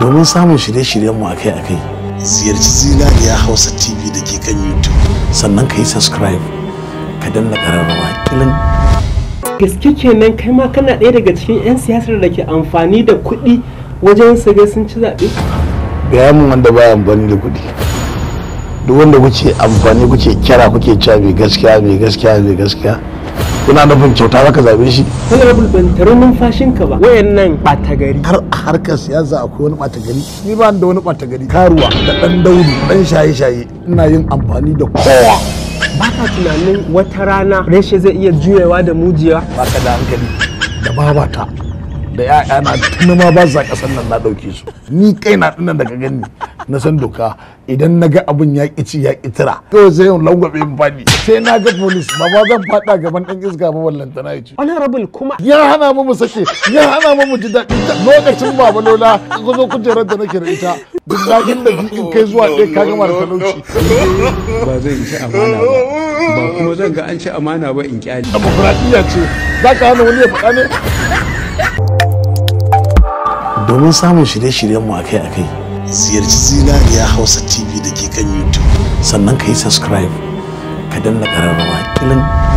domin samun shirye-shiryenmu akai-akai ziyarci zinariya hausa tv da ke kan youtube sannan ka yi subscribe ka danna ƙararrawa kilin gaske kenan kai ma kana ɗaya daga cikin 'yan siyasar da ke amfani da kuɗi wajen su ga sun ci zaɓe gaya mun wanda baya amfani da kuɗi duk wanda kuke amfani kuke kira kuke cewa mai gaskiya mai gaskiya mai gaskiya kuna nufin kyauta zaka zabe zaɓe shi honorable ban tarin numfashin ka ba wayannan bata gari har a harkar siyasa akwai wani ɓata gari ni ba da wani bata gari karuwa da ɗan daudu ɗan shaye-shaye ina yin amfani da kowa ba ka tunanin wata rana reshe zai iya juyawa da mujiya ba ka da hankali da babata da ya'ya na tuni ma ba sa kasan nan na dauke su ni kai na dinnan daga gani na san doka idan na ga abin ya ci ya tira to sai yau langwabe in fadi sai na ga police ba ba zan fada gaban dan iska ba wallan tana yace honorable kuma ya hana mu mu sake ya hana mu mu ji dadi lokacin baba lola ku zo kujerar da nake da ita duk daɗin da in kai zuwa dai ka gama da talauci ba zai ci amana ba ba kuma zan ga an ci amana ba in kyali demokradiya ce za ka hana wani ya faɗa ne domin samun shirye-shiryenmu akai-akai ziyarci zinariya hausa tv da ke kan youtube sannan ka yi subscribe ka danna ƙararrawa kilin